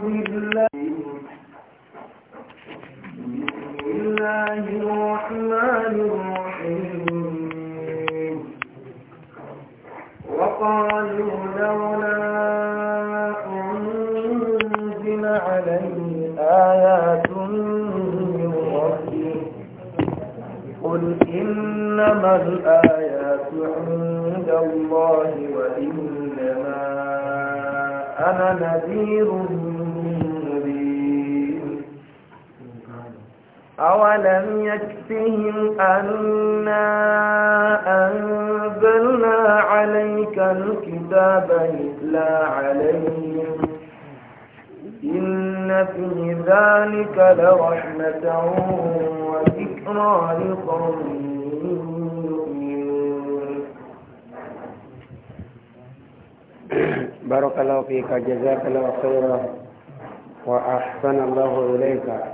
بالله الرحمن الرحيم وقالوا لولا أنزل عليه آيات من ربه قل إنما الآيات عند الله وإنما أنا نذير أولم يكفهم أنا أنزلنا عليك الكتاب يتلى عليهم إن في ذلك لرحمة وذكرى لقوم بارك الله فيك جزاك الله خيرا وأحسن الله إليك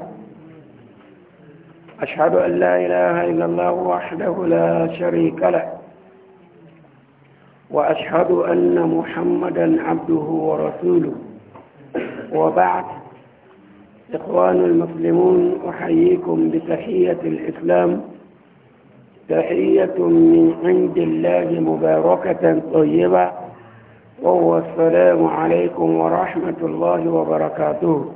أشهد أن لا إله إلا الله وحده لا شريك له وأشهد أن محمدا عبده ورسوله وبعد إخوان المسلمون أحييكم بتحية الإسلام تحية من عند الله مباركة طيبة وهو السلام عليكم ورحمة الله وبركاته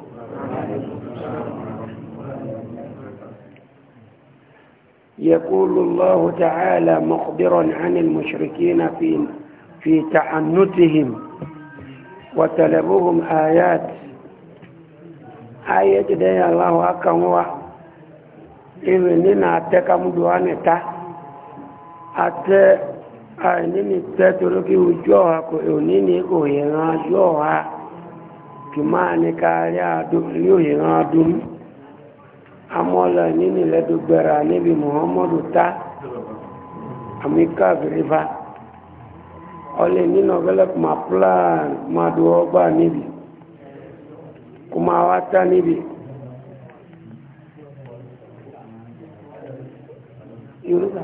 يقول الله تعالى مخبرا عن المشركين في في تعنتهم وتلبهم آيات آيات دي الله أكموا إذننا أتكم دواني تا أت أنني تتركي وجوهك إنني كوهنا جوها كما نكالي أدو يوهنا دوم amọ́lọ nínú ìlẹ́dùgbẹ̀rẹ̀ níbi muhammadu ta amíkà gírífà ọlẹ́ nínú ọ̀gẹ́lẹ́kù máa plan máa ọgbà níbi kò máa níbi yorùbá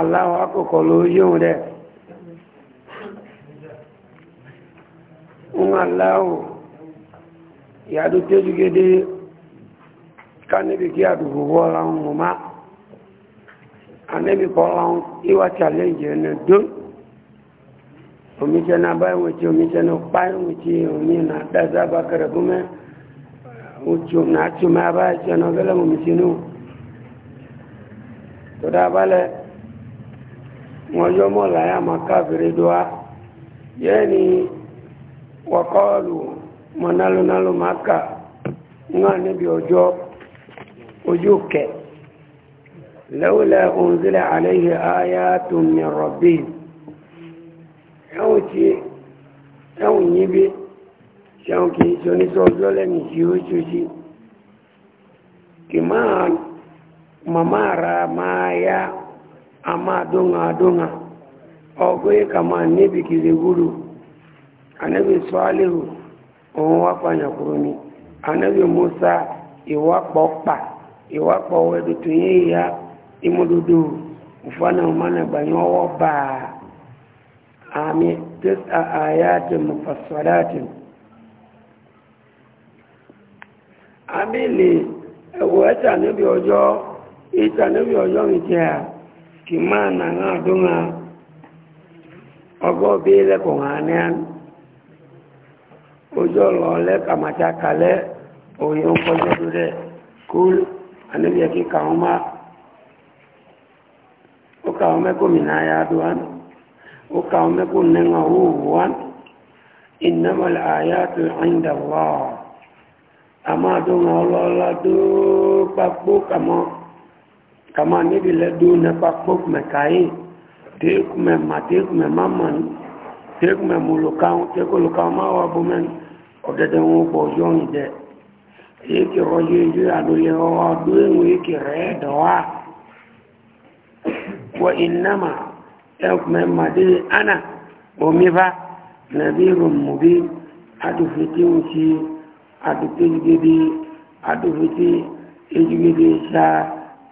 aláwọ̀ akọ̀kọ̀ rẹ̀ ń aláwò ìyàdó tẹ́júgédé ká níbi kí àdúgbò wọ́la ń mọ̀ máa anẹ́bí kọ́la ń ìwà challenge ẹ̀nà dó omijẹ́ na báyìí tí omijẹ́ na páyìí tí omi na dáadáa bá kẹrẹ̀ gúnmẹ́ na tí omi abáyìí tí ẹ̀nà ọgẹ́lẹ́ mọ̀ mi sínú tó dábálẹ̀ wọ́n yọ́ mọ́ láyà máa káàkiri dọ́wà yẹ́ni wakọrụ mnalonalo maka n'oge ọjọọ o yoo kọ lawulaa ọnzel ale yi a y'a tụnyere rọbidi e anwụ nye e ọjọọ la e ni ji kima mama ara ma ya ama adọŋ adọŋ ọ bụ ị kama n'ebe gidi gburu. anabi sọ́ọ́lẹ́hù òun wá pààyàn kúrò ní anabi musa ìwápọ̀ pa ìwápọ̀ wẹ̀dù tó yẹ ìyá ìmúdúdú ìfọ́nà ọmọnàgbàyàn ọwọ́ bá a àmì tẹ́sà àyájẹ a abẹ́lẹ̀ ẹ̀wọ̀ ẹ̀tà níbi ọjọ́ ìtà níbi ọjọ́ ìjẹ́ à kì máa nà ń àdúrà ọgọ́ bí lẹ́kọ̀ọ́ hàn ní ojú ọ̀rọ̀ lẹ́ka màtí àkàlẹ́ òye ń kọjọ́ tó rẹ̀ kúl anábìyẹ kí kàwọn má ó kàwọn mẹ́kò mìíràn ayá àdúwán ó kàwọn mẹ́kò nẹ́wọ̀n owó wọ́n ìnámọ̀lẹ̀ ayá tó ẹ̀yìndà wọ́ a máa dóhùn ọlọ́ọ̀lá tó papò kàmọ́ kàmọ́ níbi lẹ́dún tẹ́kù mẹ́mú lókàún tẹ́kù lókàún máa wà bó mẹ́rin ọ̀dẹ́dẹ́ wọn pọ̀ yọ ìdẹ́ èyí kì rọ yé ìlú àdóyẹ ọwọ́ ọdún èwò rẹ̀ dọ̀wà wọ ìnáma ẹkù mẹ́mà dé ana omi fa nàbí rùmùbí adùfẹ́tì ń ti adùfẹ́ gidi adùfẹ́tì ejigidi sáà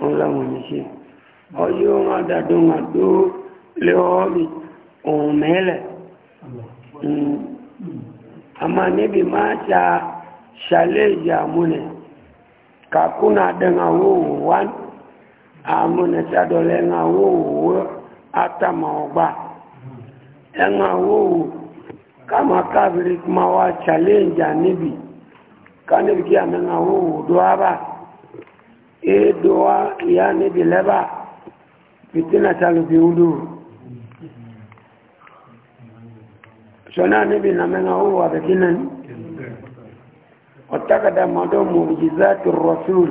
ńlá wọn ní ṣe ọyọ́ wọn dàdó wọn lé ọ́ mi òun mẹ́lẹ̀. Mm. amma nabi mata shaleji amune kakuna denga wuwu wan amune sadole nga wuwu ata maoba nga wuwu kama kafiri kuma wa challenge nabi kanibi kia nga wuwu duaba e duwa ya nabi leba fitina talubi uduru sona nabi na mena huwa bikinan watakada mado mujizatu rasul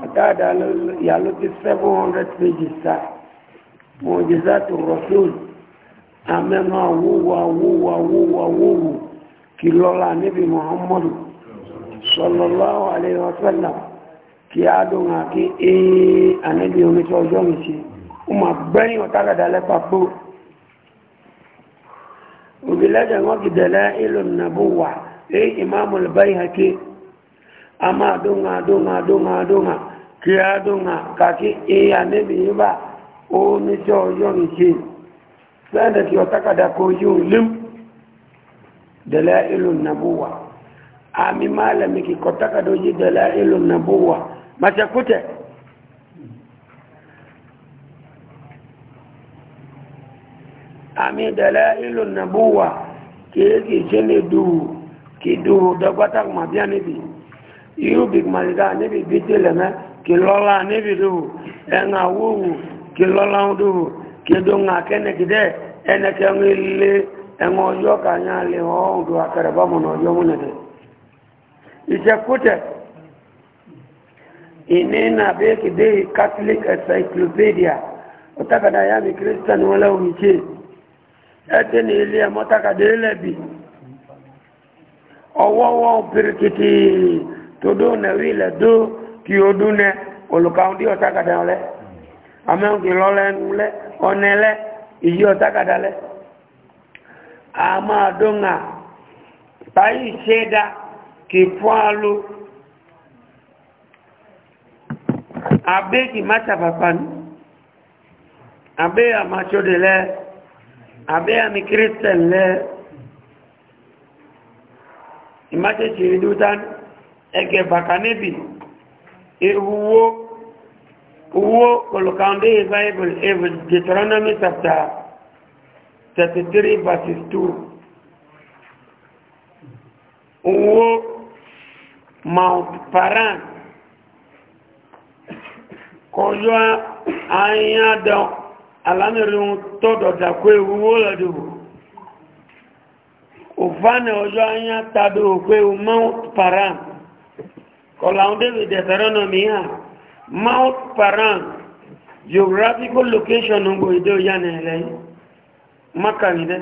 watada yaluti 700 pages sa mujizatu rasul amema huwa huwa huwa huwa kilola nabi muhammad sallallahu alaihi wasallam ki adunga ki e eh, anabi omi to ojo mi si o ma gbẹyin ọtakada lẹpa kpoo obele ga anọgidel ịlụ naba ụwa e imamlbhake amau aadụaụ aadụa dụha kakị a na eenyebe ete ọ ke dị taak oi lu dlụ awa amimlaktaka oji del lụ ba ụwa maceua ami dalailu nabuwa keki jene duhu ki wu, dɔgbata kuma bia nibi iru bi malika nibi bi te lɛmɛ ki lɔla nibi duhu ɛŋa wowu ki lɔla duhu ŋa le ka nya le hɔn do na ɔyɔ mu na catholic encyclopedia christian ẹtìní ilé ẹ mọ́takàdé lẹ́bi ọwọ́wọ́ pirikiti tó dún nẹ wí lẹ dún kí o dún nẹ olùkàwọn dí ọtakàdá lẹ amẹ́wòkè lọ́lẹ́ nu lẹ ọ̀nẹ́ lẹ ìyí ọtakàdá lẹ a máa dún à báyìí ṣe dá kì fún alu abe kì má sàbàpà nù abe àmàtsọ́ de lẹ. àbẹ́ àmì kírísítẹ̀n lẹ́ ìmáṣẹ́ṣì ìdúdán ẹgẹ̀ bàkà níbi ìwúwó owó kọlùkàndé bible evil deuteronomy chapter 33 verses 2 owó mount paran kọjọ́ don. alánìrin tọ́dọ̀dà kó ewu wó lọ́dọ̀ òfánà ọjọ́ anya tàbí òkú ewu mount paran kọ̀láhùn david deuteronomy hàn mount paran geographical location ń ìdó ìyá nà ẹ̀lẹ́ mákàmìdẹ́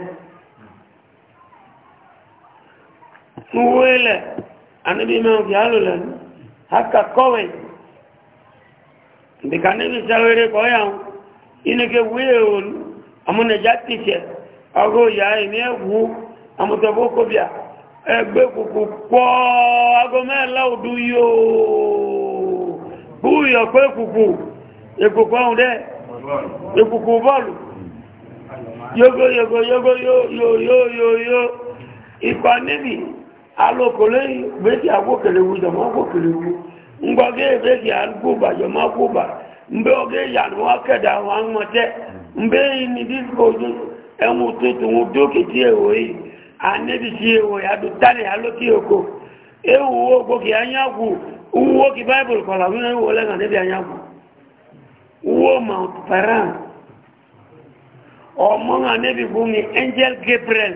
wó ilẹ̀ anábí mẹ́rin fi hálò lẹ́nu haka kọ́wẹ̀ ìdìkà níbi sáré kọ́ yàwó ineke wee olu amune ja titse ago yaa emi ewu amutɔbo kobia egbe kuku kpɔ ago mela odu yoo buyɔ kpe kuku ekuku ɔhun dɛ ekuku bɔlu yogo yogo yogo yo yo yo yo yo ikɔ nebi alo kole gbeki agbo kele wu jɔnma agbo kele wu ba. mgbe oge ya na nwoke da nwa mgbe eyi ni disko ẹ̀wọ̀n òtútù wọn dókìtì èwò yìí ànẹ́bìsí èwò àdútàlẹ̀ alókè òkò èwò ògbókè anyagwù uwó kí bible ewu fún èwò lẹ́nà níbi anyagwù uwó mount paran ọmọ ànẹ́bì fún n'i angel gabriel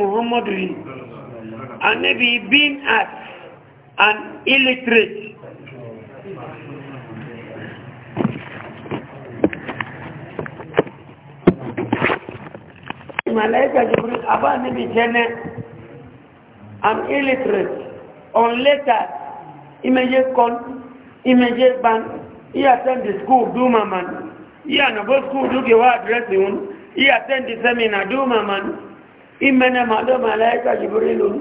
muhammadu illiterate malaika jibril aba níbi jẹ́nẹ́ i'm illiterate on later imeje con imeje ban he attend the school do my man he anabo school do gewa address hun he attend the seminar do my man imene mado malaika jibril hun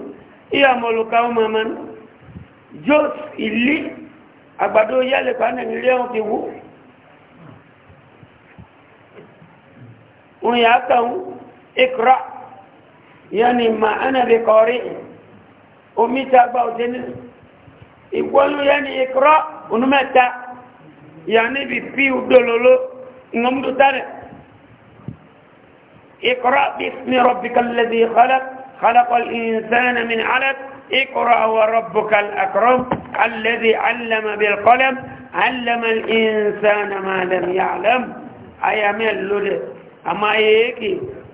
he amoluka o my man jos ili agbado yale pa nàìjíríà wọn ti yà á kàn wọn. اقرأ يعني ما أنا بقارئ أميت أباوتين يقولوا يعني اقرأ ونمتا يعني بفي ودلولو نمدو تاني اقرأ باسم ربك الذي خلق خلق الإنسان من علق اقرأ وربك الأكرم الذي علم بالقلم علم الإنسان ما لم يعلم أيام اللولي أما هيك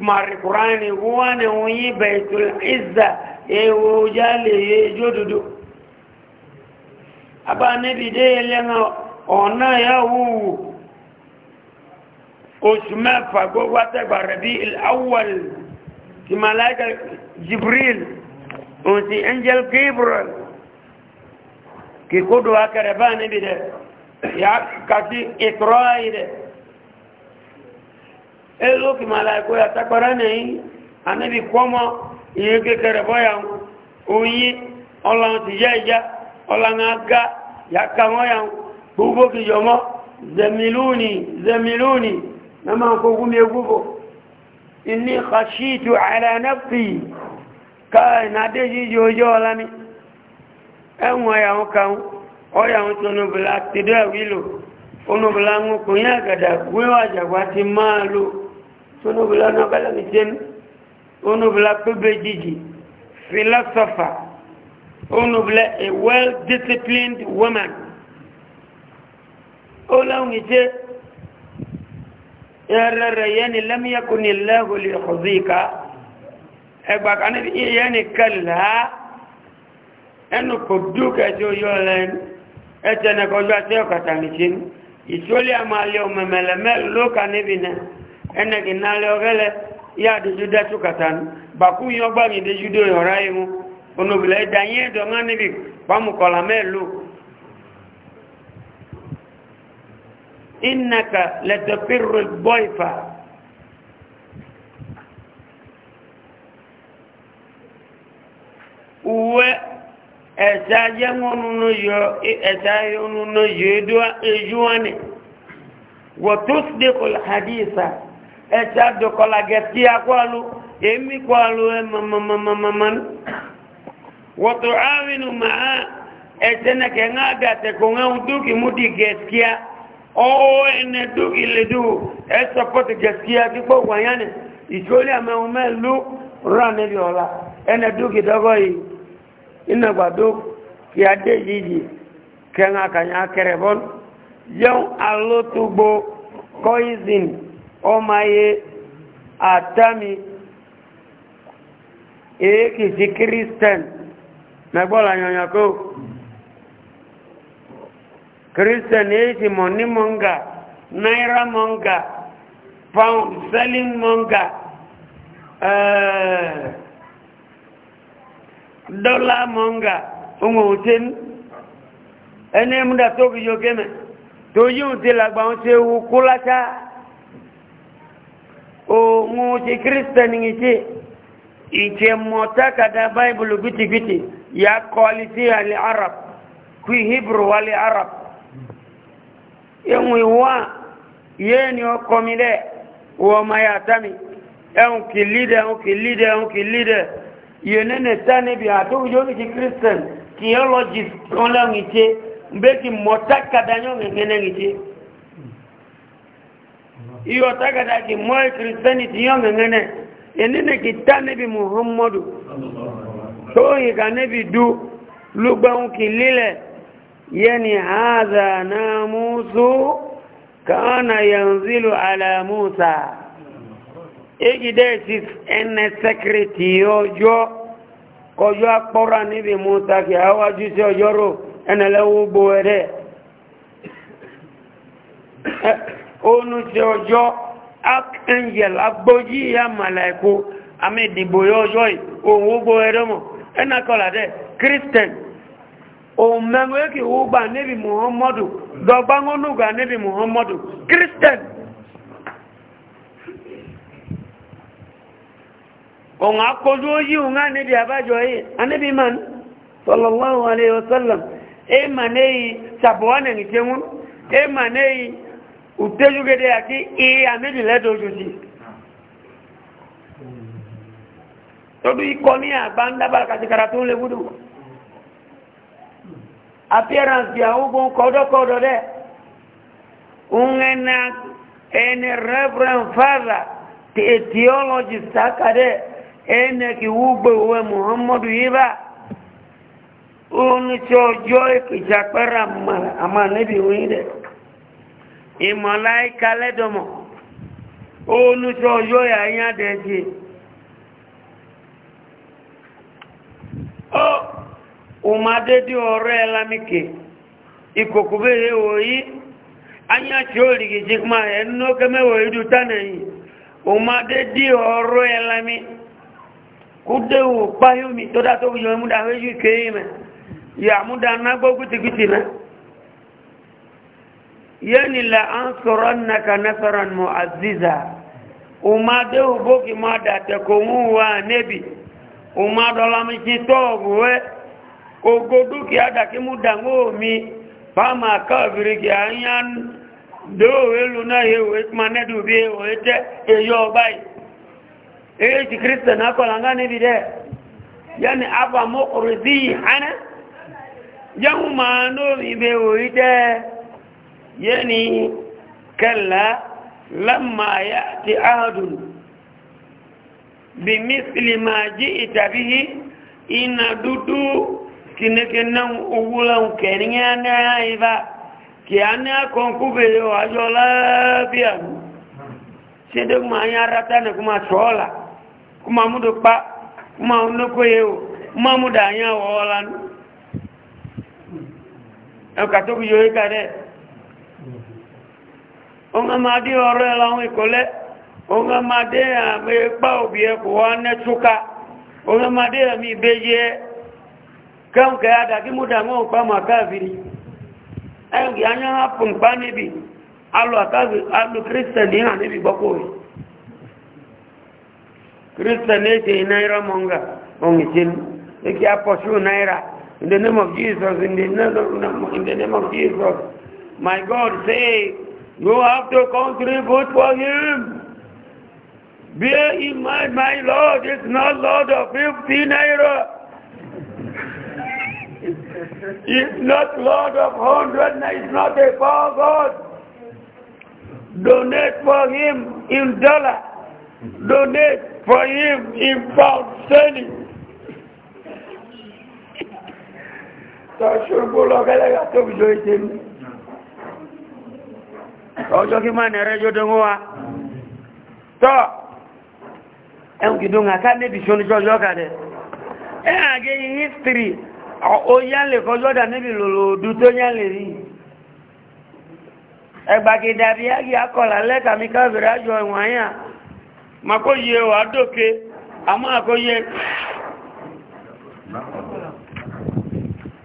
mari kurani wane wunyi baitul izza ye wujale ye jodudu aba ne bide lenga ona ya wu osuma fa go wate barabi al awwal ki malaika jibril on si angel gabriel ki kodo akare ba ne bide ya kati ikraide elu ki malaiko ya takbara nei anabi komo iye kekere boya oyin ola ti ya ya ola ngaga ya kamo ya bubo ki yomo zamiluni zamiluni nama ko gumi gubo inni khashitu ala nafsi e ka na de ji ni enwa ya kan o ya un tonu bla ti de gada ma onubila nabala misem onubila pebeji philosopher onubila a well disciplined woman olawngite yarara yani lam yakun illahu liyakhzika egba kan yani kala enu koduka jo yolen etene ko jo ate okata misem isoli amale o memele mel lo kanibina ẹnẹ̀kì nálẹ̀ ọ̀rẹ́lẹ̀ yáàdì júdá tó kàtàánù bàkú yọ gbàgìdé júdó ìhọ̀rá ihu onòbìlẹ̀ ìdáyé ẹ̀dọ̀ngá níbi pàmùkọ̀lá mẹ́lò ìnàkà lẹ́tọ̀pẹ̀rọ gbọ́ ìfà uwe ẹ̀sẹ̀ ajẹ́ ọ̀nùnú yọ ẹ̀sẹ̀ ayé ọ̀nùnú yọ wani ẹ̀tí àdókọ́lá gẹ̀ẹ́tí akọ́lù èmi kọ́lù ẹ mọ̀mọ̀mọ̀mọ̀mọ̀ wọ́tọ̀ àrínú màá ẹ̀tẹ́nẹ̀kẹ́ ń àgàtẹ̀kọ̀ ẹ̀hún dúkì mú di gẹ̀ẹ́tí ọwọ́ ẹ̀nẹ̀ dúkì lè dù ẹ̀ sọpọ́tì gẹ̀ẹ́tí kíkọ́ wáyánì ìṣòlì àmẹ́hún mẹ́lú ọmaye atami èékì sí kírísítẹ̀n mẹ́gbọ́lá yọ̀nyọ̀kó kírísítẹ̀n èékì mọ̀ ní mọ́ngà náírà mọ́ngà pound selling mọ́ngà dọ́là mọ́ngà ohun òtẹ́ ní ẹni múdà tó kìí yóò kémẹ̀ tó yíò tí làgbà ń ṣe wú látàá ŋuti kristian ŋiti ite mota kada bible biti biti ya quality al arab kui hebrew wal arab yengwi wa yeni o komile wo mayatami en ki leader en ki leader en ki leader yenene tane bi ato yo ni christian theologist on la ngite mbeki mota kada nyo ngene ngite iyo takata ki moy christianity yonga ngene enene ki tanebi muhammadu to yi ka nebi du lugbaun ki lile yani hadha namusu kana yanzilu ala musa egide sis ene secretary ojo kojo apora nebi musa ki awaju si ojoro ene lewo bo onu ti ọjọ́ angel agbójí ya màláìkó àmì ìdìbò yọ ọjọ́ yìí òun ó gbó ẹdọ́mọ̀ ẹnà kọlà dẹ̀ christian òun mẹ́rin ó kì gbà níbi muhammadu dọ́gbà ń gbà níbi muhammadu christian òun ó yí òun á níbi àbájọ yìí man sallallahu alayhi wa sallam ẹ mà ní sàbọ̀wánà ìṣẹ́wọ́n ẹ òtẹ́júgẹ́dẹ́ àti ìyà méjì lẹ́dọ̀ọ́jọ́sí tọ́dú ikọ́ ní àgbà ń dábàrà kàtíkàrà tó ń lè gúdù appearance bí àwọn ogun kọ́dọ́kọ́dọ́ dẹ́ ń ẹna ẹni reverend father the theologist akadẹ́ ẹni kì wúgbò wẹ muhammadu yíba ó ní tí ọjọ́ ìkìjà àmà níbi òyìn ìmọ̀láíkà lẹ́dọ̀mọ̀ olùsọ yóò yà yá dẹ̀ẹ́dẹ̀ ó ọmọdédé ọ̀rẹ́ ẹlámìkè ìkòkò bèèrè òyí anya tí ó rìgì jí kúmà ẹnu kẹmẹ́wọ̀ ìdú tánàyìn ọmọdédé ọ̀rọ̀ ẹlámì kúdéwò páyómi tó dá tó yọ yà gbógútìkútì náà yani la ansurannaka nasaran mu'azziza umade uboki mada tekomuwa nebi umadola mikitogwe ogoduki adaki mudango mi fama kaviri ki anyan dowe luna yewe manedu bi yewe te eyo bai eyi ti kristo na kolanga nebi de yani aba mokurizi hana jamu maano ibe oite يعني كلا لما يأتي أحد بمثل ما جئت به إن دودو كنكنا أولا كنيانا إذا كيانا كونكوبي وجولا بيان سيدك ما يارتانا كما شولا كما مدك با كما نكويو كما مدانيا وولان أو كاتوك يوهي كده onge ma dị ọrụ ịla nwa ikole onge ma dị ịkpa obi ekwuwa chuka onge ma dị eme ibejie kem ka ya dagi mụda nwa mkpa ma kaviri enyi anya hapụ mkpa n'ibi alụ akavi alụ kristian ihe a n'ibi gbakwa oyi kristian eke naira monga ongitin eke apostle naira in the name of jesus in the name of, in the name of jesus my god say You have to contribute for him. Bear in mind, my Lord is not Lord of 50 naira. It's not Lord of 100, it's not a power God. Donate for him in dollar. Donate for him in pound sterling. Tọ́ṣùgbò lọ́gẹ́lẹ́gà tóbi lóyé tèmi. ọjọ́ kí máa nẹ̀rẹ́ jọ́ dánwó wa tọ́ ẹ̀hùn kìdó àká níbi ṣoníṣọ́ ọjọ́ kàdẹ̀ ẹ̀ àgé history ó yálè kọjọ́ dà níbi lòlòdú tó yálè rí ẹgbàgìdà e bí ágì akọ̀là lẹ́tà mi káfìrí àjọ ìwọ̀n àyà màkó yẹ wà dókè àmọ́ àkóyẹ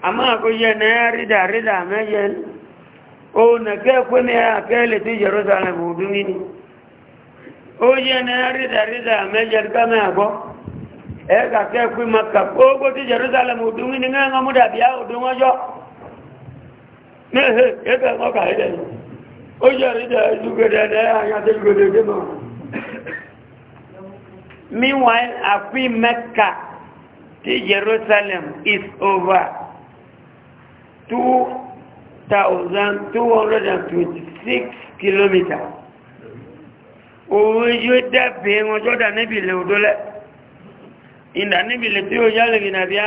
àmọ́ àkóyẹ rídà rídà mẹ́yẹn ona ke kwene ya kele ti Jerusalem o oye na rida rida mejer kama e ka ke kwi makka ogo ti Jerusalem udumini nga nga muda bia udungo jo ne he e ka ngo ka ide rida jugede na ya ti jugede ke mo meanwhile afi mecca ti Jerusalem is over two 1,226 kilometers. òun yóò dẹ́bẹ̀ẹ́ wọn jọ́dá níbi ilẹ̀ òdólẹ́ ìdá níbi ilẹ̀ tí ó yálẹ̀ ìnàbíà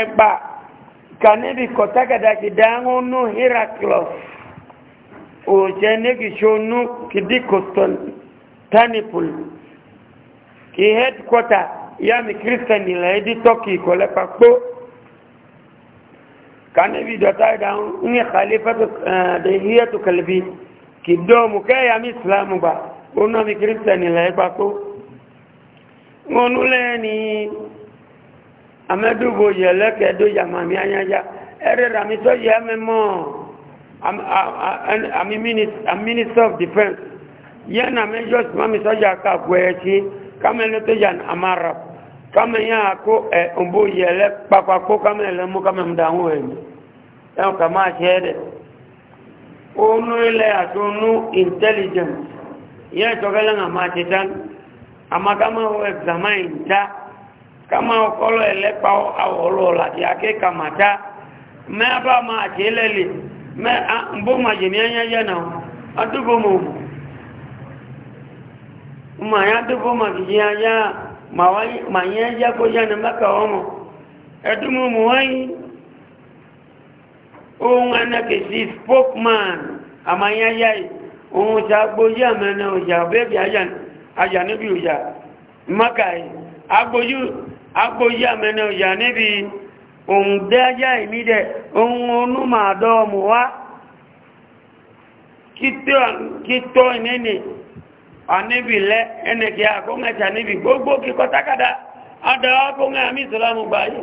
ẹgbà ka níbi kọ̀tàkàdàkì dáhùn nù heraclus òjẹ́ nígbìṣónú kìdí constantinople kì headquarter yàmì christian ilẹ̀ ẹdí turkey kọ̀lẹ́pàá pọ́ kane bi dota da ni khalifatu dahiyatu kalbi kidomu ke ya mi islamu ba ona mi kristiani la ba ko ngonu le ni amadu bo yele ke do yama mi anyanya ere ra mi so ye me mo am am minister am minister of defence yana me just ma mi so ya ka gwechi kamele to yan amara kama ya ko e umbu yele papako kamele mu kama mdangu emi ẹ̀wọ̀n kà máa ṣe ẹ̀dẹ̀ oónú ilẹ̀ àti oónú intelligence yẹ́ ìtọ́gẹ́lẹ́ náà máa ṣe tán àmá ká máa wọ examine dá ká máa kọ́lọ̀ ẹ̀lẹ́pa àwọ̀lọ́ láti akéka máa dá máa ṣe lẹ́lẹ̀ mẹ́ bó máa jẹ̀ ní náà adúgbò mọ̀ dúgbò fi yẹ ayá ya yẹ́ kó yẹ́ ni mẹ́kà ọmọ ẹ̀dúnmọ̀ mọ̀ ohun anakesi spokesman amanyaya ohun ṣàgbójú àmẹ́nà òjà bẹ́ẹ̀bì ajá níbi òjà mọ́kàí agbójú àmẹ́nà òjà níbi ohun dájá ìmídẹ̀ ohun onúmàdọ́ọ̀mù wá kítọ́ ìnẹ́ni àníbì lẹ́ ẹnẹ̀kẹ́ níbi gbogbo kíkọ́ tákàdá adọ́ àmì báyìí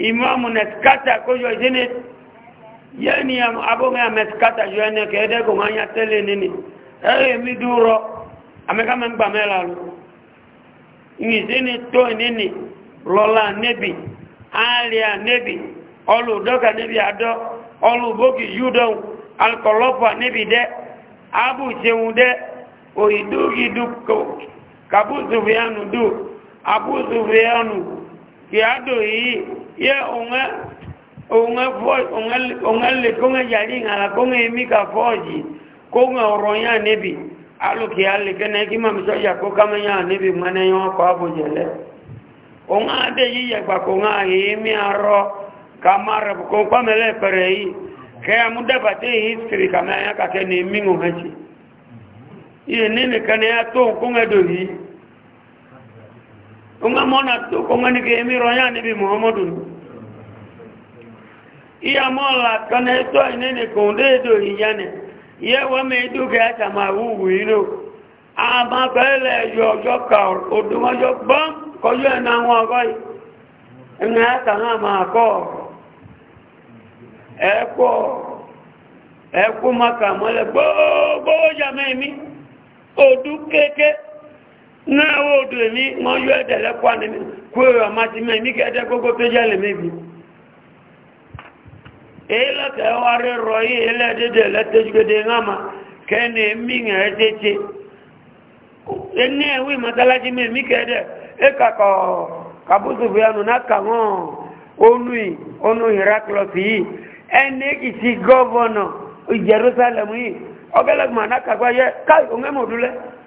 imamu netkata kojo izini yani ya abonga ya metkata jo ene kede ko nganya tele nini eh mi duro ameka mengba melalo ngizini to nini lola nebi alia nebi olu doka nebi ado olu boki yudo alkolofa nebi de abu seun de oidu gidu ko kabu sufyanu du abu sufyanu ki ado yi ye onga onga fo onga onga le konga yari ngala konga emi ka foji konga oronya nebi alo ki ale kene ki mam so ya ko kama ya nebi mane yo ko abu jele onga de yi ya ba konga emi aro kamare ko pamele pere yi ke amunda bate history kama ya ka kene mingu hachi ye nene kane ya to konga do yi konga mona to konga ni ke mi roya ni bi muhammadu iya mola kana to ine ne konde do iyane ye wa me du ke ata ma wu wiro a ma pele yo yo ka o du ma yo ko yo na wa ko ta ma ko e ko e ku maka ya me mi keke náà ó dùn èmi wọ́n yọ ẹ̀dẹ̀ lẹ́kọ́ ànẹ́mí kó èrò àmá ti mẹ́ ní kẹ́ẹ̀dẹ́ gbogbo péjì ẹlẹ́mẹ́bí èyí lọ́tẹ̀ wá rí yí ẹlẹ́dẹ́dẹ́ lẹ́tẹ́júgbẹ́dẹ́ ńláma kẹ́ni mí ẹ̀ tẹ́tẹ́ jerusalem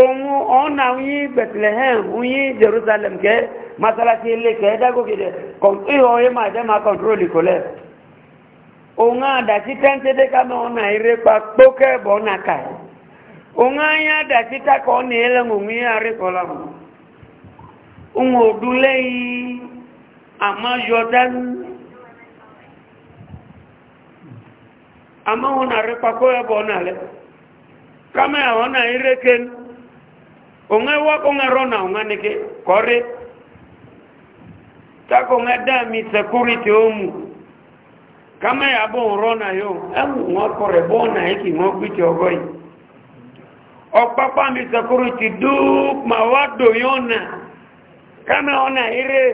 ohun ọ́nà onye bethlehem onye jerusalem ke masalasi ile ke dagogide ihe onye ma ma kọntrol ikole e onwe adachi tentede ka na ọ na-erekpa kpoke bụ na ka onwe anya adachi ta ka ọ na-ele onwe ya rekpọla m onwe odulehi amajọdan amahụ na-arekpakọ ya bụ na-ale kama ya ọ na onge wako ngarona onge neke kore tako nga dami security omu kama ya bo urona yo emu nga kore bona hiki nga kuiti ogoi okpapa mi security duk mawado yona kama ona ire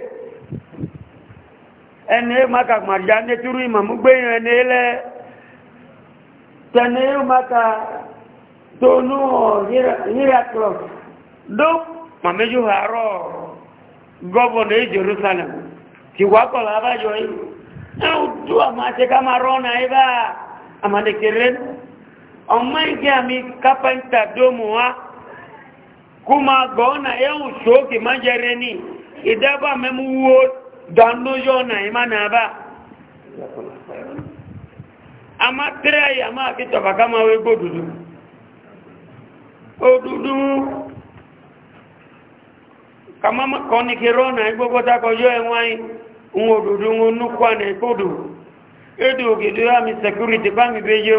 ene maka marjane turu ima mubeyo ene ele tene maka tonu hira, hira cross dó màmẹ́jú haro gọ́vọ̀nà e jerusalem ti wákọ̀lá abájọ́ yìí náà e tó àmà ṣe ká máa rọ́nà iba ama ọmọ ìgbé àmì kápẹ́ntà dómù wá kú máa gọ́ọ̀nà ẹ̀hùn ṣókè má jẹrẹ ní ìdábà na wó dánlóyọ́ ọ̀nà ìmá náà ama a máa tẹ́rẹ̀ àyà máa fi odudu. kama koni kirona igbogbo tako yo enwai nwo dudu na ikodu edu gidu ya e mi security ba mi beje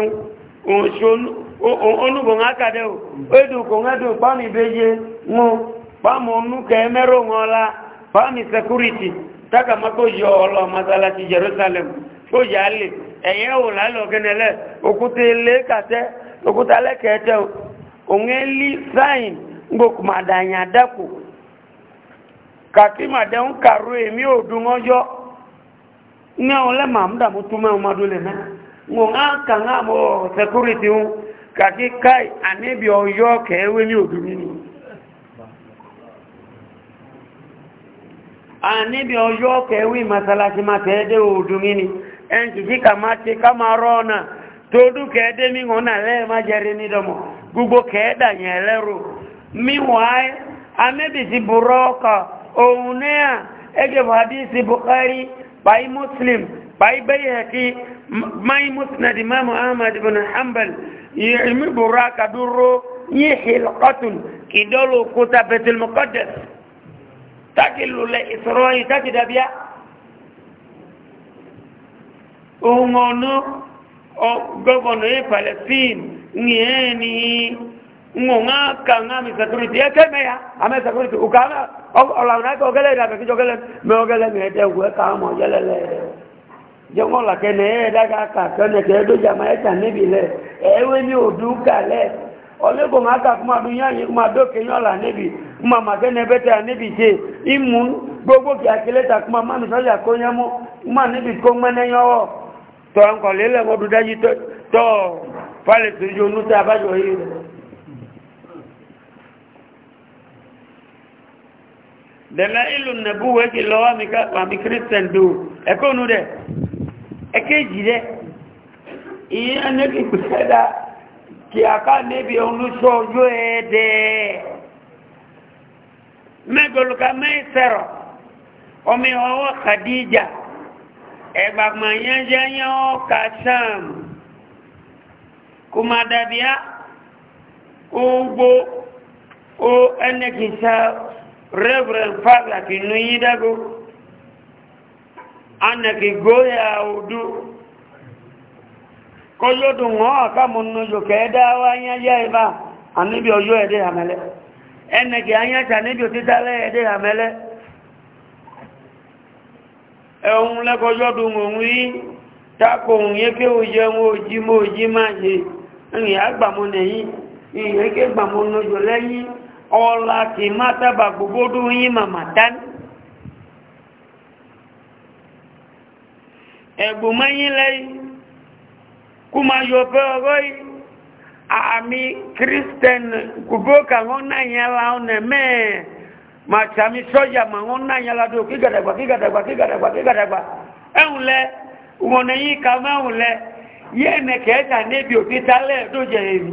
onu bo ngaka de o edu ko ngadu ba mi beje mu ba mo nuka emero ngola ba mi security taka mako yo olo masala ti jerusalem o la lo kenele okute le kate okuta le kete o ngeli sign madanya dako kàtí màá dẹ ń kàró èmi ò dùn ọjọ́ ní àwọn lẹ́màá ń dàmú tún mẹ́wọn ọmọdún lè mẹ́ mọ̀ ń kà ń àmọ́ ṣẹkúrìtì ń kàtí káì àníbi ọjọ́ kẹ́wé ní òdùn nínú àníbi ọjọ́ kẹ́wé màsàlásí máa tẹ́ dé òdùn nínú ẹn tù kí kà máa ṣe ká máa rọ ọ̀nà tó dún kẹ́ẹ́dé ní wọn náà lẹ́ẹ̀ má jẹrí ní dọmọ gbogbo kẹ́ẹ́dà yẹn lẹ́rù mí wọ́n á anébìsí burọ́ kọ́ òun náà ẹgbẹ̀bọ̀ àdísì bukari pàí muslim pàí bẹ́yẹ̀kí máyí musnad imam ahmad ibn hanbal yìí bùrá kàdúró yìí hìlọ́tún kìdọ́lù kúta betul mọ́kọ́dẹ̀s tákì lulẹ̀ ìsọ̀rọ̀ yìí tákì dàbíyá ohun ọ̀nà gọ́gọ̀nà yìí palestine ní ẹni ń ká ń á mi ẹkẹ́ mẹ́ya àmẹ́ sàkúrìtì òkàlá ọlọ́run e e e ma ka ìdàbẹ̀ kíjọ ọgẹ́lẹ́ mẹ́ ọgẹ́lẹ́ mi ẹ̀dẹ́ ògùn ẹ̀ka na ọjẹ́lẹ́lẹ́ jẹun ọ̀làkẹ́ nẹ̀ ẹ̀ẹ́dàgà kàkẹ́ nẹ̀kẹ́ ẹ̀dọ́jà máa ẹ̀ta níbi lẹ̀ ẹ̀ẹ́wẹ́ ní òdú kalẹ̀ ọlẹ́kọ̀ọ́ máa kà fún adúyá yìí kó máa dókè yín ọ̀là mma máa máa kẹ́ nẹ́bẹ́tẹ̀ níbi ṣe imu gbogbo kìákìlẹ́ta kó máa máa nìsọ́jà kó yẹn mú máa níbi kó mẹ́nẹ́yọ́wọ́ tọ́ ń kọ̀lẹ́lẹ̀ wọ́n dúdájú tọ́ ji tó yọ onú tẹ́ abájọ dẹ̀lẹ́ ìlú nẹ̀búwẹ́ kí lọ́wọ́ àmì kírísítẹ̀n dò ẹ̀kọ́ nù dẹ̀ ẹ̀kẹ́jì dẹ̀ ìyẹn anẹ́kì pẹ̀lẹ́dà kí aká níbi olùsọ ojú ẹ̀ẹ́dẹ̀ mẹ́gọlùkà mẹ́sẹ̀rọ̀ ọmọ ọwọ́ kàdíjà ẹgbàgbọ̀n reverend father kì nu yín dágó anàkì góyà òdu kọjọ́dù wọ́n àkàmù nù yòkè dá wá yá yá ibà àníbi ọjọ́ ẹ̀dẹ́ àmẹ́lẹ́ ẹnẹ̀kì ayáta níbi òtítà lẹ́ẹ̀dẹ́ òun yí tako òun wọn ṣe ọ̀la kì í má sábà gbogbo dún yín màmá dání. ẹ̀gbọ́n mẹ́yìn lẹ́yìn kú máa yọ pé ọ̀rọ̀ yìí àmì kírísítẹ́n kùbókà wọn náà yẹn la ọ̀nà mẹ́ẹ̀ màá sàmì sọ́jà mà wọn náà yẹn la dùn kí gàdàgbà kí gàdàgbà kí gàdàgbà kí gàdàgbà ẹ̀hùn lẹ wọn ẹ̀yìn kà mẹ́hùn lẹ yẹ́nẹ̀kẹ́ ẹ̀ta níbi òtítà lẹ́ẹ̀dọ́jẹ̀ èmi.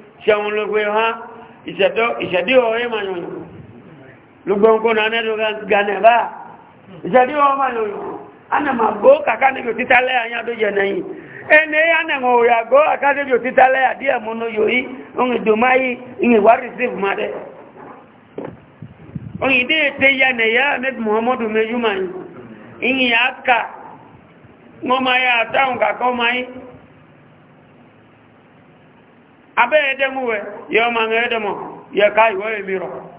ṣẹun ló gbé wá ìṣẹ̀dí ọ̀rẹ́ máa yọ̀yọ̀ lùgbọ́nkó náà nẹ́dọ̀ ganẹ̀bá ìṣẹ̀dí ọ̀rẹ́ máa yọ̀yọ̀ anàmà gbó kàkà níbi òtítà lẹ́yà yá tó jẹ nẹ́yìn ẹni anàmà òyà gbó kàkà níbi òtítà lẹ́yà díẹ̀ múnú yòóyí ohun ìdòmáyí ìwà rìsíf máde ohun ìdí ètè yà muhammadu mẹ́jú máa yìí ìyìn àkà wọ́n máa abe edemu we yo manga edemo ya kai we miro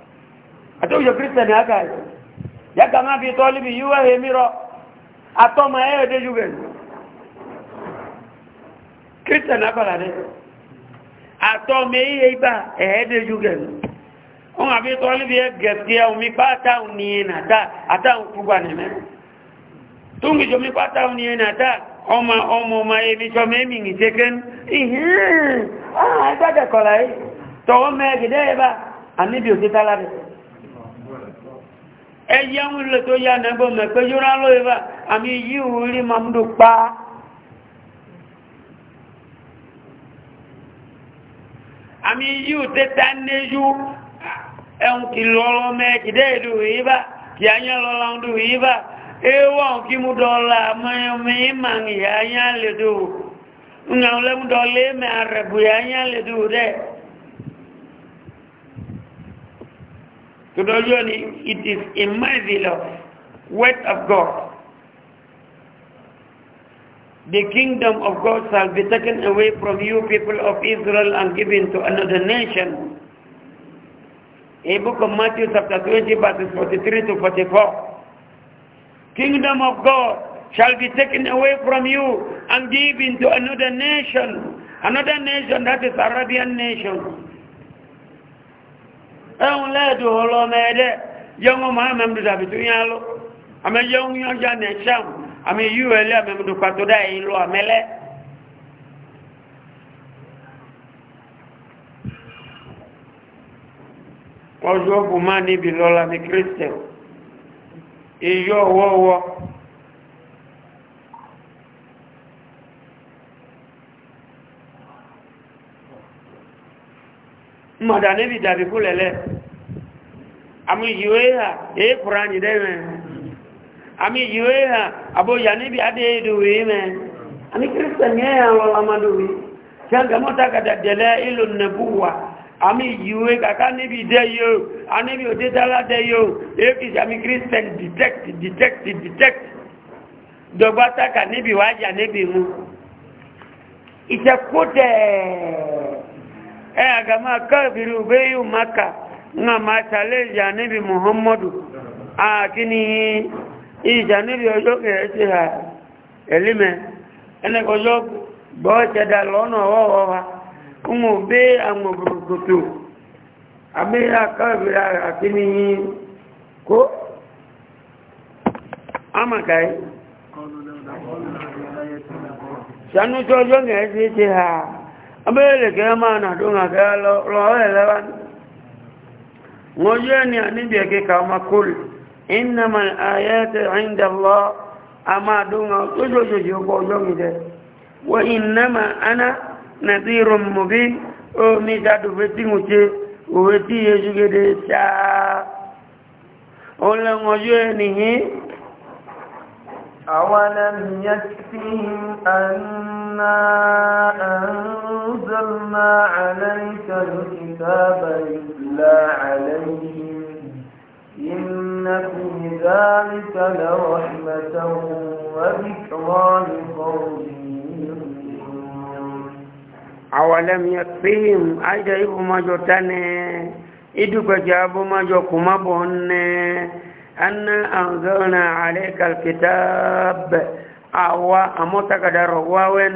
ato yo kristian ya kai ya kama bi tolibi yuwa he miro ato ma e ede de juge kristian abala de ato me e iba e juge on abi tolibi e gaskiya umi pata uni e na ta ata kuba ne me tungi jo mi pata uni e na ta ọmọ ọmọ ọmọ ẹni ṣọmọ ẹmì ìṣẹ́kẹ́ ìhìn ah ẹgbẹ́jẹ̀ kọ̀lá yìí tọwọ́ mẹ́gidẹ́ ẹba àníbi òkúta lábẹ́ ẹyẹ ń lè tó yá nẹ́gbọ́ mẹ́pẹ́ yóò rán lóye bá àmì yíò rí mamdu pa àmì yíò tẹ́ta néjú ẹun kì lọ́lọ́ mẹ́gidẹ́ ìlú yìí bá kì á yẹ́ lọ́lọ́ ìlú yìí bá ewọ́n kí mú dọ́là mẹ́mẹ́ ìmọ̀ ìyá yá lè dòwò ŋàwọn lẹ́mú mẹ́ àrẹ̀bùyà lè dure. rẹ̀ it is a marvel word of God the kingdom of God shall be taken away from you people of Israel and given to another nation a book of Matthew chapter 20 verses 43 to 44 kingdom of God shall be taken away from you and given to another nation. Another nation that is Arabian nation. I Ẹun lẹ́ẹ̀dù ọlọ ọmọ ẹ̀dẹ́, yẹun ọmọ ẹ̀mẹ́mdù young tó yán lọ. Àmì yẹun yán já nẹ̀ṣàm, àmì yíò ẹ̀lẹ́ ẹ̀mẹ́mdù pàtó dá èyí lọ àmẹ́lẹ́. Ọjọ́ ọkùnmá níbi lọ́la ní Kírísítẹ̀. Ìyọ́ ọwọ́wọ́. mọ̀dà níbi ìdàbí kú lẹ̀lẹ́ àmì ìyíwé hà èé kùrá ní dẹ́mẹ̀ àmì ìyíwé hà àbóyà níbi adéèdùwé mẹ́ àmì kírísítẹ̀n yẹ́ àwọn ọmọdúwé tí a ń gẹ̀mọ́ta kàdà dẹ̀lẹ́ ìlò nẹ̀búwà àmì ìyíwé kàkà níbi ìdẹ́ yóò àníbi òdé dálá dẹ́ yóò èé kìí àmì kírísítẹ̀n detect detect detect dọ̀gbátàkà níbi wájà níbi mú ìṣẹ̀kú e agama kafiri ubeyi umaka nga machale janibi muhammadu akini ijanibi ojo kese ha elime ene kojo bo cheda lono wo wa kumu be amugutu abe akafiri akini ko amakai sanu jojo ngezi ha abẹ́rẹ̀ kẹ́ máa nàdúnrà kẹ́ lọ́rẹ̀ lẹ́wà wọ́n yẹ́ ni àníbì ẹ̀kẹ́ ka ọmọ kúrì ìnàmà ayẹ́tẹ̀ ìndàlọ́ a máa dúnrà tójòjòjò ọgbọ̀ ọjọ́ أولم يكفهم أنا أنزلنا عليك الكتاب إلا عليهم إن في ذلك لرحمة وذكرى لقوم أولم يكفهم أجيب ما جتني إدوك جابوا ما جكما بوني أنا أنزلنا عليك الكتاب أوا أمتك درواوين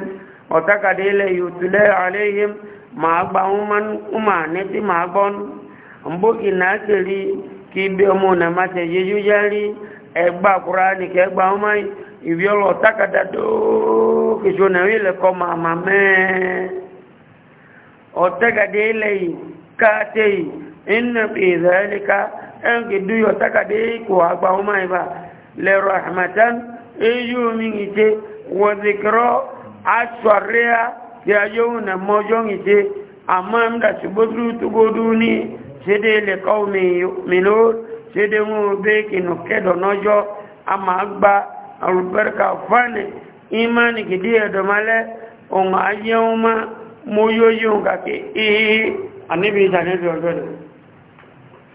وتكد إلي يتلى عليهم ما أقبعهم من أما نتي ما أقبعهم مبوكي ناكلي كيبي أمونا ما تجيجو جالي ẹgbà kúránì kẹgbà ọmọ ìwé ọlọ tákàtà tó kìsọ náà ilẹ̀ kọ màmá mẹ́ẹ̀ ọ̀tẹ́gàdé ilẹ̀ yìí káàtẹ́ yìí inú ìrẹ́lẹ́ká ẹnkì dúyọ̀ tákàdé kò àgbà ọmọ ìbá lẹ́rọ àmàtán èyí omi ìṣe wọ́zìkírọ́ aṣọ̀rẹ́à tí a yóò nà mọ́jọ́ ìṣe àmọ́ ń dà ṣùgbọ́dú ní ṣédé lẹ́kọ́ mìíró ṣédé mú bẹ́ẹ̀kì nù kẹ́dọ̀ nọ́jọ́ a gba alùbẹ́rẹ́kà fáànì ọ̀hún ayé wọn mọ́ kàkí àníbi ọjọ́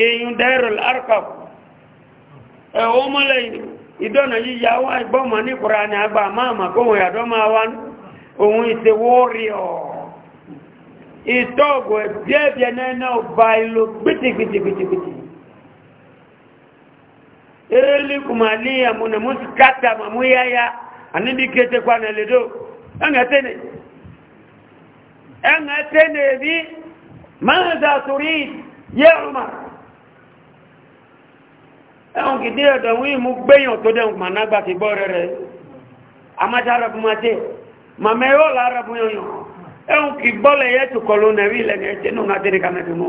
eyín dẹ́rẹ̀l arkọ̀kù ẹ̀wọ́ mọ́lẹ̀ ìdọ́nà yíya wá ìgbọ́mọ̀ ní kùrà ní àgbà máàmà kóhùn ìyàdọ́ máa wá ohun ìsewó rí ọ̀ ìtọ́ọ̀gù ẹ̀bíẹ̀bíẹ̀ náà ọba ìlò gbítìgbítìgbítì ọmọ ẹ̀hùn kìdí ẹ̀dọ̀ wí mú gbẹ́yàn tó dẹ̀ ọmọ náà gbàtí bọ́ rẹ̀ rẹ̀ amájá rẹ̀ fún ajé màmá ẹ̀rọ lára fún ẹ̀hùn kì bọ́lẹ̀ yẹ́ tó kọ́ ló nẹ̀rí ilẹ̀ ní ẹ̀jẹ̀ náà tẹ́lẹ̀ ká mẹ́fì mú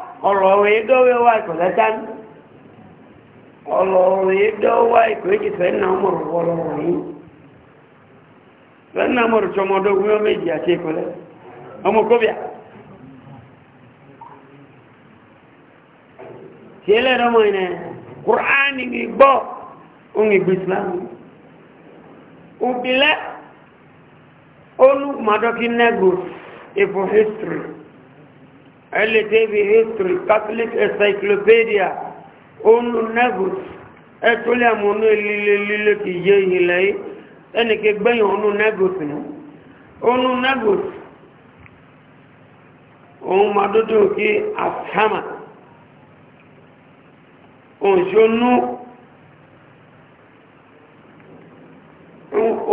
ọlọ́rin dọ́wẹ́ wà kò lẹ́tàn ọlọ́rin dọ́wẹ́ kò ní fẹ́nà mọ̀rọ̀ ọlọ́rin fẹ́nà mọ̀rọ̀ tọmọdógún méjì àti ìkọlẹ̀ ọmọkóbíà tí ẹlẹ́rọmọ̀ ìnẹ̀ kùránì gbígbọ́ òun ìgbì islamu òbílẹ̀ olùmọ̀dọ́kín negros ifo history LTV History Catholic Encyclopedia onu nebus ẹtúlẹ̀ àmúnú lílelíle kì yé ìhìlẹ̀ yìí ẹnì kí gbẹ̀yìn onu nebus ni onu nebus òun máa dúdú kí àtàmà òṣonú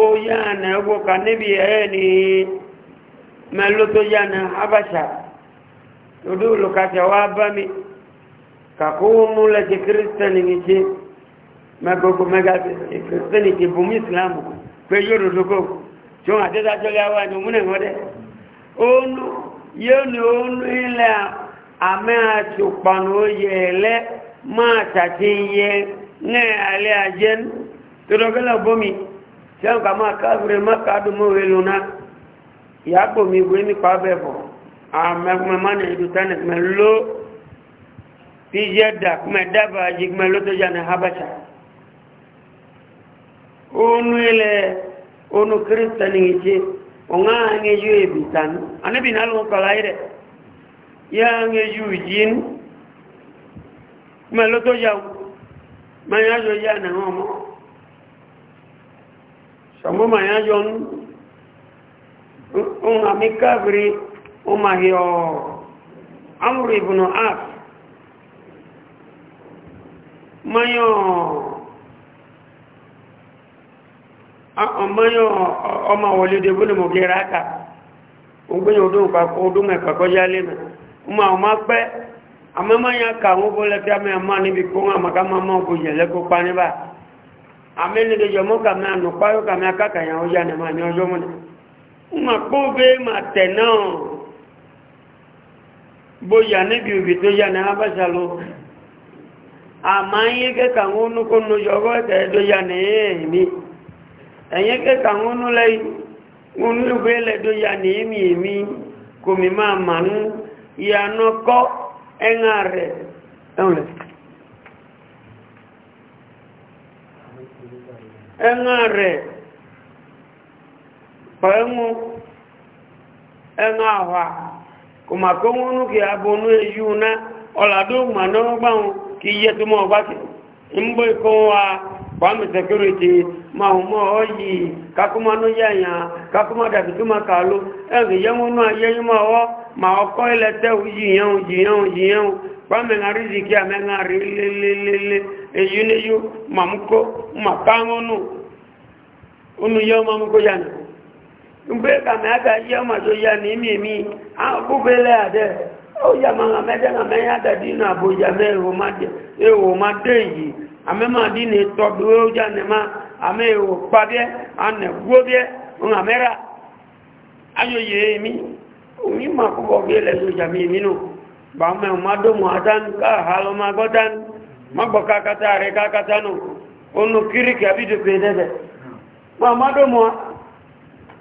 oyá àná ẹgbọ́ka níbi ẹ̀ ní mẹ́lótó yá àná abáṣà tudu lukacha wabami kakumu la kikristani ngichi magogo mega kikristani kibumi islamu kweyo ruduko chon ateza chole awa ni mune ngode onu yoni onu ile ame atukpanu yele ma tatiye ne ale ajen tudogela bomi chon kama kafre makadu mo ya bumi mi gwe mi pa befo amẹ́kùnmẹ́mánà ìdútánà kùmẹ́ ló tí yẹ́ dà kùmẹ́ dábàá jí kùmẹ́ ló tó yà ní habasha onu ilẹ̀ onu kírísítẹ̀nì ìṣe ọ̀nà àngẹ́jú ìbìtàn anábìnà ló ń kọ̀lá rẹ̀ yẹ́ àngẹ́jú ìjìn kùmẹ́ ló tó yà mayájọ yà nà wọn ó máa yẹ ọ amúrò ìbùnà app mayọ̀ ọmọ wọlé débú ni mo gé ráka ògbéyàn ọdún ẹ̀kọ̀kọ́ yálé mẹ́ ma ọ ma pẹ́ àmọ́mọ́yà ka àwọn bó lẹ́kẹ́ àmì àmọ́ níbi kó wọn àmàká máa mọ́ kò yẹ̀ lẹ́kọ́ pa níbà àmì ní kejì ọmọ kàmí bóyá níbi òbí tó yá ní abáṣàlò àmá ń yé kẹ́kà ń hónú kó nú yọgọ́ ẹ̀kẹ́ tó yá ní èmi ẹ̀yẹ́ kẹ́kà ń hónú lẹ́yìn hónú ìwé lẹ́ tó yá ní èmi èmi kò mí máa mà ń ìyànà kọ́ ẹ̀ńà rẹ̀ ẹ̀wọ̀n ẹ̀ńà kuma ko wonu ke abonu ejuna ola do ma no gba won ki ye to mo gba ki mbo ko ma o mo oyi ka kuma no ya ya ka kuma da bi kuma ka lo e ge ye ma ọ ma o ko ile te u ya yan ya yi yan u yi yan ba me na riziki ma mu ko ma ka wonu onu ya ma mu ko ya ni mgbe ka ma aka ji amado ya na imi emi akpụbele ade oya ma na mede na mehe adadi na abuja ma ewo ma deyi amemadi na etobi oja na ma ama ewo kpabie ana gwobie na mera ayoye emi omi ma kụbọ gị ele oja ma emi nụ ba ma mmadụ mụ adan ka halụ ma gọdan ma gbọka akata arịka akata no onu kiri ka bido ka ma mmadụ mụ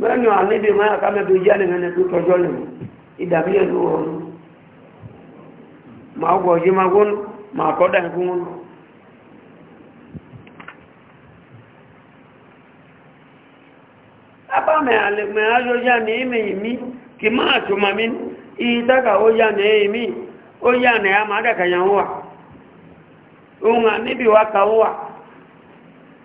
bẹ́ẹ̀ni àníbi máa kámẹ́ tó jẹ́ nìkan ní tọ́jọ́ lè mú ìdàbí ẹ̀lú ọ̀run máa gbọ́ ọjí máa gbónú máa kọ́dà ikú wọn abámẹ́ àlẹ́gbẹ́ ajọ́já ní ìmẹ̀ ìmí kì máa tó ma mí ìtàkà ó yà ní ìmí ó yà ní àmàdàkàyà wà ohun àníbi wà ká wà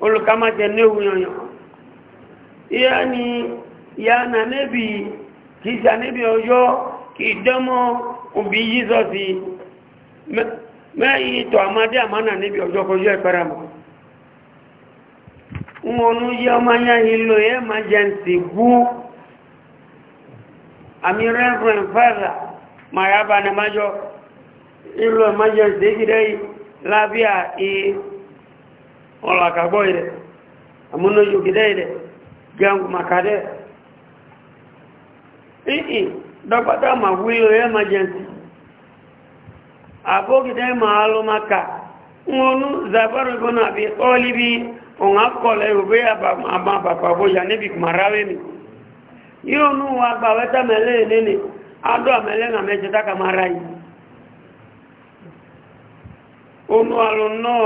olùkámájẹ néwu yanyan ìyá ni ìyá nà níbi kìí sà níbi ọjọ́ kìí dánmọ́ òbí yíṣọ́sì mẹ́yìn ìtọ̀ àmádé àmánà níbi ọjọ́ kọjú ẹ̀pẹ́ra mọ́ ńwọnú yẹ ọmọ yá ìlò emergency bú àmì reverend father mayaba ni májọ ìlò emergency ìdílé lábíà ìlú Ola kagbọ́ yẹ àmúnà yògidẹ́ yẹ gẹ́ngù màkàdẹ́ ìhì dọ́gbàtà mà wílò emergency àbógidẹ́ mà alọ́ maka ńwọnú zafarugu na bí ọ́lì bí òun akọ̀lẹ̀ òbí àbàbàbàbòyà níbi màráwé mi yóò nú wa gbàwẹ́tà mẹ́lẹ́ nínú adó àmẹ́lẹ́ nà mẹ́jẹta kà máa ra onu alunɔ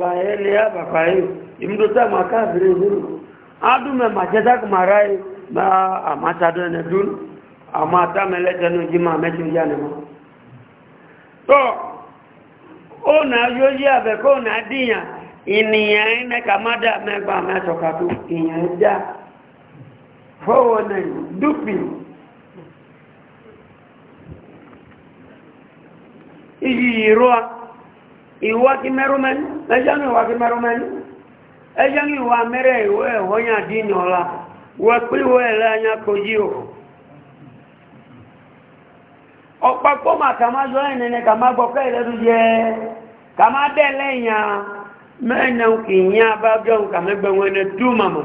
la yɛ lé abaka yi imudota ma káfíìrì yìí adume màjẹta kumara yi bá amatsadɔ ɛnɛ dunu amatamɛlɛtɛ nu dzi ma mɛtsi ya ne ma tɔ ona yɔ yi abɛ kɔ ona di yan ìnìyàn yìí mɛ kama da mɛgba mɛtɔ kato ìyàn da fɔwɔ nɛ dupi. Iyi yi roa. iwa ki meru menu ejang iwa ki meru menu ejang iwa mere iwe wanya dini ola uwe kuli uwe le anya koji o okpa koma kama zoe nene kama boka ile duje kama dele nya mene uki nya babjong kama ibe wene duma mamu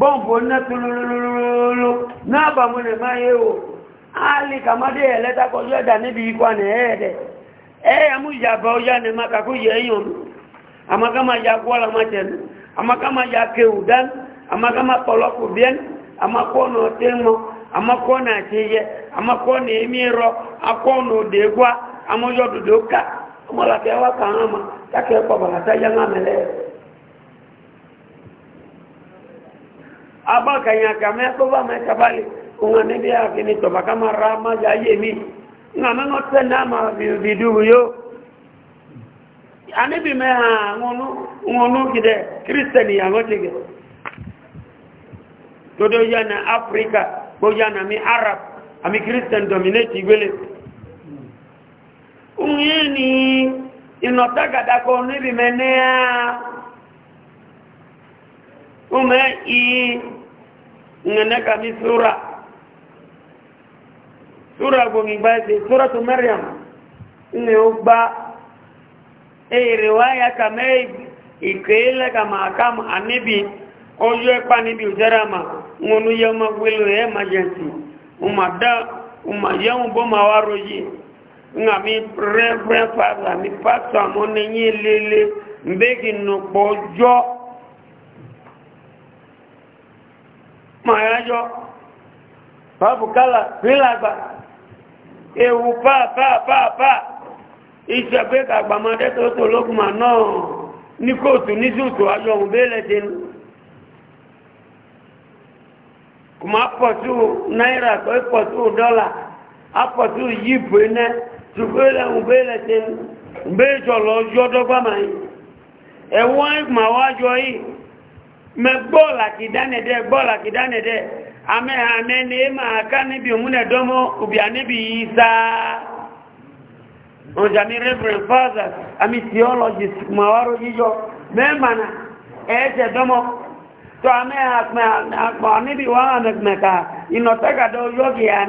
bọ́m̀bù ná tululululu náà bà mú lè yé o a lè kà má dé ẹ̀lẹ́ta kọjú ẹ̀dà níbi ikọ̀ nà ẹ̀ẹ́dẹ̀ ẹ̀yà mú ìyàbọ̀ ọjá ní ma kàkó yẹ èèyàn nù àmàká ya gbọ́la má tẹ̀nu àmàká ya kéwù dánù àmàká máa pọ̀lọ́pù bíẹ́nu àmàkọ́ nà ọtẹ́ mọ́ àmàkọ́ nà àtẹ́yẹ àmàkọ́ nà èmi rọ akọ́ nà òdè gbá abakanyaka mẹ́kọ́bá mẹ́kàbálì òun níbi àkíní tọ̀bà ká máa ra máa jẹ ayé mi nà mẹ́mọ́ tẹ́ náà máa fi dúró yó aníbi mẹ́ha ńwọnú gidẹ kírísítẹ̀nì àwọn ti gẹ̀ dodo yá na áfíríkà kó yá na mi arab àmì kírísítẹ̀n dominate ìgbélé òun yé ni ìnọ̀tàgàdàkọ níbi mẹ́ náà ume iyi ngeneka mi sura sura gbogbo ba ese sura to maryam ne o gba e riwaya ka me ikele ka ma ka ma anibi oyo epa nibi ujara ma ngonu ye ma gwelo e emergency uma da uma ye un bo ma waro yi nga mi reverend father mi pastor mo ne yin lele mbeki no pojo ma yájọ́ pàbùkálà nílàgbà ewu pàápàápàá ìṣẹ̀gbẹ́ kàgbàmọ́dé tó tó lókùnmà náà ní kóòtù ní zùtù ayọ́ ajọ bẹ́ẹ̀lẹ̀ ti nù kò máa pọ̀ tó náírà tó pọ̀ ti nù bẹ́ẹ̀ jọ lọ yọ́dọ́gbàmà yìí me mɛ bɔɔl akidane dɛ bɔɔl akidane dɛ ame hame ne ma aka ne bi omuna dɔmɔ obia ne bi yi saa ojami reverend fathers ami theologist mawaro yiyɔ mɛ mana ɛɛsɛ dɔmɔ tɔ ame akpɛ akpɔ ne bi wa ame kpɛ ka inɔtaka dɔ yɔki ha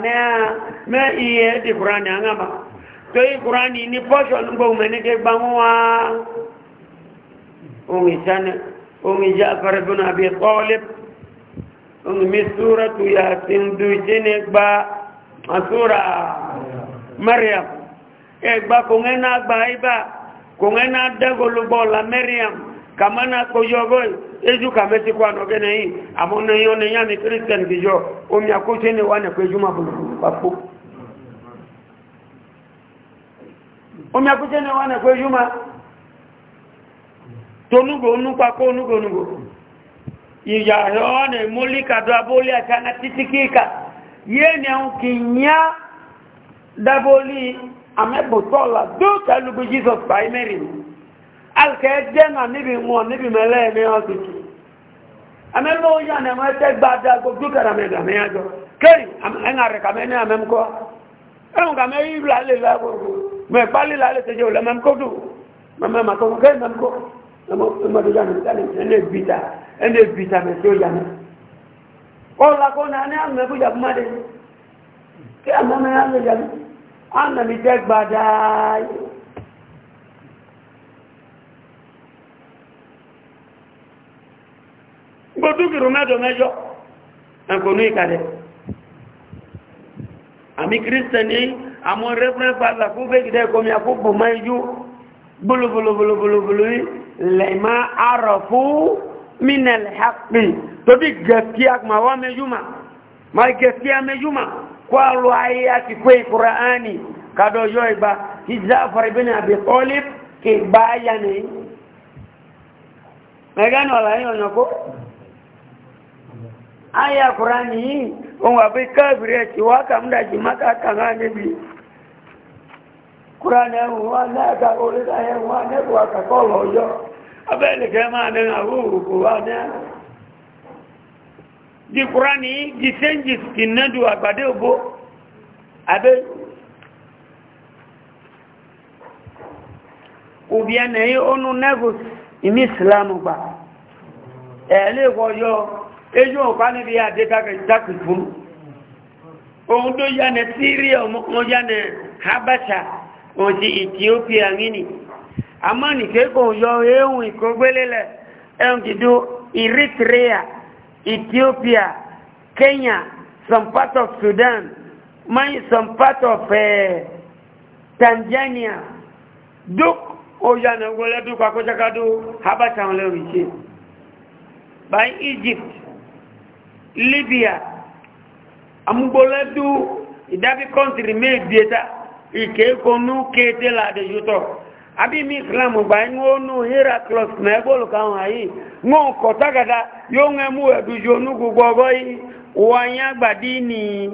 mɛ iye di kura ni aŋa ma tɔ yi kura ni ni pɔsɔn gbɔ mɛ ne ke gbamu wa ohun ìsanɛ. أم جعفر بن أبي طالب أم سورة ياسين دوجين إقبا سورة مريم إقبا كونغنا إقبا إبا كونغنا دغل بولا مريم كما نكو يوغوي eju kame ti kwa noge na hii amo na hiyo na yani christian kijo omi akoche ni wane kwa juma papo omi ni wane kwa tonugo nupa ko nugo nugo iya yone mulika daboli achana titikika yene ukinya daboli amebotola do kalugo jesus primary alke denga nibi mo nibi mele ni osiki amelo ya na ma te gbada gogo kara me ga me ajo keri anga re ka me ni amem ko en ga me ibla le la go me pali la le te ọmọdé yà nìta nìta ẹni ebita ẹni ebita mẹsẹ ọjà mi kọlá kọlá ní àmì ẹkú yà fúnmá dé kí àmì ẹmẹ àmì ẹjà mi àmì ẹmí tẹ gbadaa gbódúkìrù mẹjọ mẹjọ ẹnkọ ní ìkàdẹ àmì kírísítẹ̀ni àmọ rẹfúrẹ́fà làkúfẹ́ ìdẹ́kọ̀ọ́mí àkókò máa yú bolobolobolobolobolo lẹ́mà àrọ̀fú mínẹ̀lì hàpì tóbi gẹ̀fíà ma wá mẹ́júmà ma gẹ̀fíà mẹ́júmà kó àlọ́ ayé àti kó ìkúra e áni kàdọ̀jọ́ ìgbà tí záfàrí bí ní àbí ọ́líp kì bá yà ní mẹ́gánì ọ̀làyé ọ̀yànkó ayé àkúrá nìyí ohun àbí káàbìrì ẹ̀ tí wákàmúdàjì má kàkàrá níbi kúránì ẹ̀hùn wá ní ẹ̀ka oríta ẹ̀hùn wá ní ẹ̀kọ́ àkàkọ́ lọ́jọ́ abẹ́ẹ̀lẹ̀kẹ́ máa ní àwòrùkù wá ní ẹ̀hùn di kúránì di changes ti nẹ́dù àgbàdé òbó abẹ́ òbí ẹ̀nà ka ohun tó yá síríà yá òjì ethiopia gini amánìkékòó yọ ehun ìkógbélélẹ̀ ẹ̀hùn kìdú eritrea ethiopia kenya some part of sudan mine some part of uh, tanzania duk oya na gbọ́lẹ́ duk akọ́ṣẹ́kádó habatan lórí ṣe by egypt libya amúgbọ́lẹ́dú ìdábí kọ́ntìrì méjì ẹ̀ta ike ko kete la de juto abi mi gba ngo nu heraclus na ebolu ka won ayi ngo ko tagada yo nge mu edujo wanya gbadini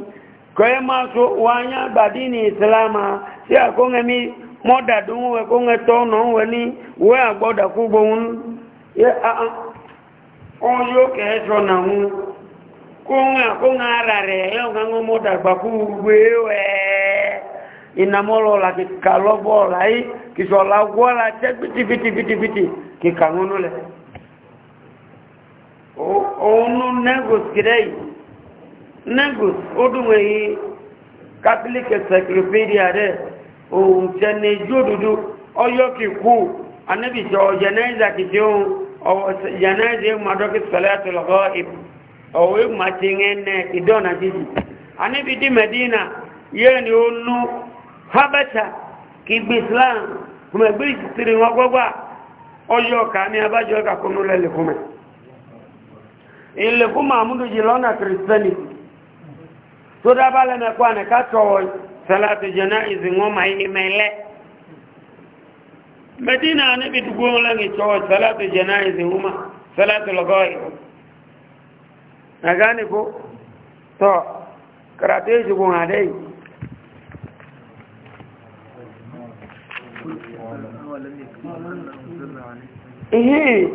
ko e ma so wanya gbadini islama si ko moda we ko nge to no we ni we agboda ku gbohun ye a a on yo ke na ko ko yo ku inamolo la kikalo bola yi kisola gola te biti biti biti biti kikanunu le o onu negus kirei negus odunwe yi catholic encyclopedia de ohun tẹ ní ijó dúdú ọyọ́ kì kú anábìsọ jẹnẹ́ìzà kì tí ó ọwọ́ jẹnẹ́ìzà ìmọ̀dọ́kì sọlẹ́ àtọlọ́gọ́ ọ̀wọ́ ìmọ̀ àti ìyẹn ní ìdọ́nà jíjì anábìdí mẹ́dínà yẹ́ ni ó e e nú habata kìgbì islam ọmọ ẹgbẹ́ ìsìtìrì wọn gbọ́gbà ọjọ́ ọ̀ka ní abájọ́ ọ̀ka kó ní lẹ́lẹ̀kúnmẹ̀ ìlẹ̀kúnmẹ̀ àmúdùjì lọ́nà kìrìsìtẹ́nì tó dábà lẹ́mẹ̀kọ́ ànẹ́ká tọ̀wọ̀ sẹ́láàtì jẹ́nà ìzìnwọ́n máa ní mẹ́lẹ́ mẹ́dínà níbi dùgbò lẹ́yìn tọ̀wọ̀ sẹ́láàtì jẹ́nà ihe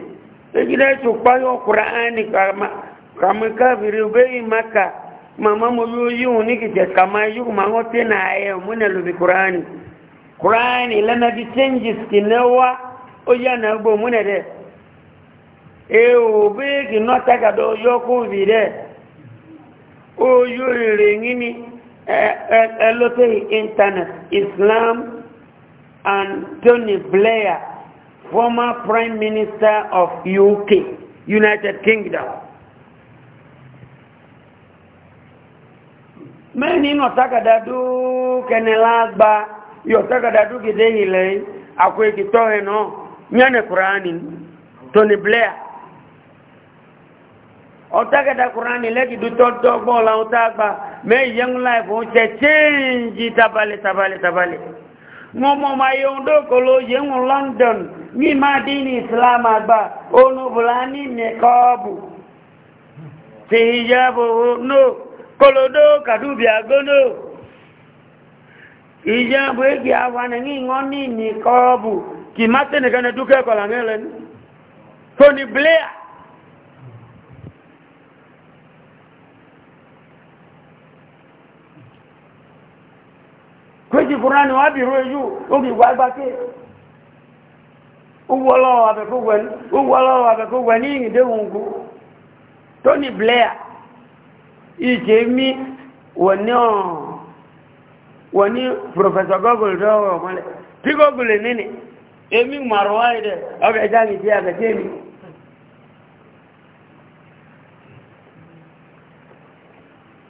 egide tukpayo qur'ani kama kama kafiri ubei maka mama moyo yu nikije kama yu mangote na aye mune lubi qur'ani qur'ani lana di changes kinewa oya na gbo mune de e o be ki no taka do yo ku vire o yu re ngini e e lote internet islam and Tony Blair, former Prime Minister of UK, United Kingdom. Mẹ́ni nọ tákàdádú kẹnìlágbà yọ tákàdádú gẹ̀dẹ́ ilẹ̀ àkó ìkìtọ́ ẹ̀nà yánẹ̀ Kùránì, Tony Blair. Ọ̀tákàdá Kùránì lẹ́gìdú tọ́tọ́ gbọ́ ọ̀la ọ̀tágbà mẹ́ ìyẹ́ńlá ẹ̀fọ́ ń ṣẹ change tabale tabale tabale. tabale mọ́mọ́ ma yóò dókò ló yíò london ní madini islam àgbà onúbùlá ní nìkọ́ọ̀bù ti hijabu no kolodo kàdúbì àgónò hijabu egi awana ní ìwọ́n ní nìkọ́ọ̀bù kì má tẹ́nìkan dúkẹ́ kọ̀lá ní ẹlẹ́ni tony blair méjì kúránì wá bìrú ejú ókè ìgbà gbáké owó ọlọ́wọ́ abẹ́kọ́gbẹ̀ ní ìdè òǹkú tony blair ìjẹ́ mí wọ́n ní professor google dọ́wọ́ mọ́lẹ̀ tí google nínú èmi màrùwá ìdẹ̀ ọgbẹ̀jáni tí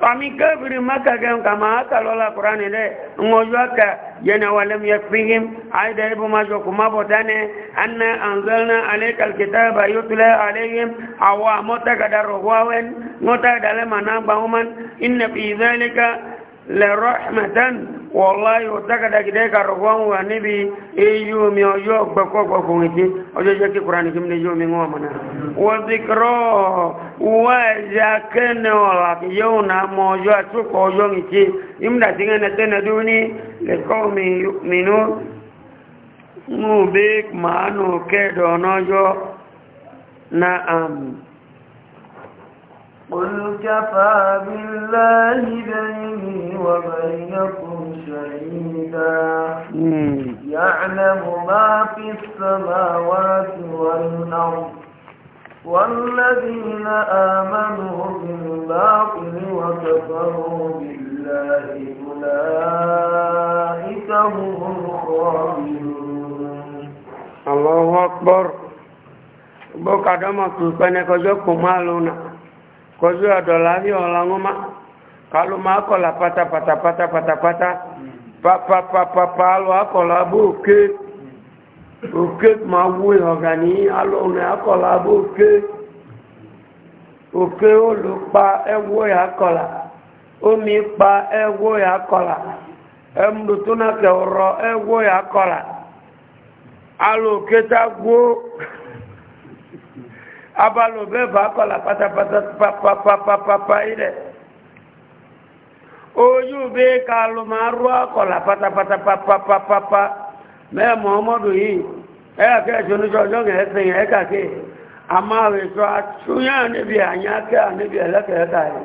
fami kafiri maka kan kama aka lola qur'ani de ngojo aka yana walam yakfihim aida ibu majo kuma botane anna anzalna alayka alkitaba yutla alayhim awa mota rohwa wen mota dale manamba human inna fi zalika lẹ́rọ̀ẹ́mẹ́tẹ́n wọláyò tẹ́kẹ̀dẹ́gidẹ́ karùgbọ́nwò níbi iyomi ọjọ́ gbẹ̀kọ́gbẹ̀kùn ìtí ọjọ́ jẹ́ kíkùrá ní kíkùn ní iyomi wọn mọ̀nà wọ́n ti kọ́ wọ́n ẹ̀jẹ̀ akẹ́nẹ̀ ọ̀là yóò nà mọ̀ ọjọ́ àtúkọ̀ ọjọ́ ìtí ìmúdàtíkẹ́nẹ̀tẹ́nẹ̀dúnní قل كفى بالله بيني وبينكم شهيدا يعلم ما في السماوات والأرض والذين آمنوا بالباطل وكفروا بالله أولئك هم الخاسرون الله أكبر بوكا دمك بنك زكو مالونا kọjú pata pata ọ̀la wọn má kálù máa kọ̀lá pátápátápátápátá pápápápá pa pa abalo bẹ́ẹ̀ bá kọ́lá pátápátá pápápápápá yìí dẹ̀ ojú bẹ́ ká ló máa rú akọ́lá pátápátá pápápápá mẹ́ẹ̀ mọ́mọ́dù yìí ẹ̀yà kẹ́ ẹ̀ṣọ́ oníṣọ́ ọjọ́ yẹn ẹ̀sìn yẹn kàkẹ́ àmọ́ ètò àtúnyàn níbi àyànkẹ́ níbi ẹ̀lẹ́kẹ̀ẹ́ta yìí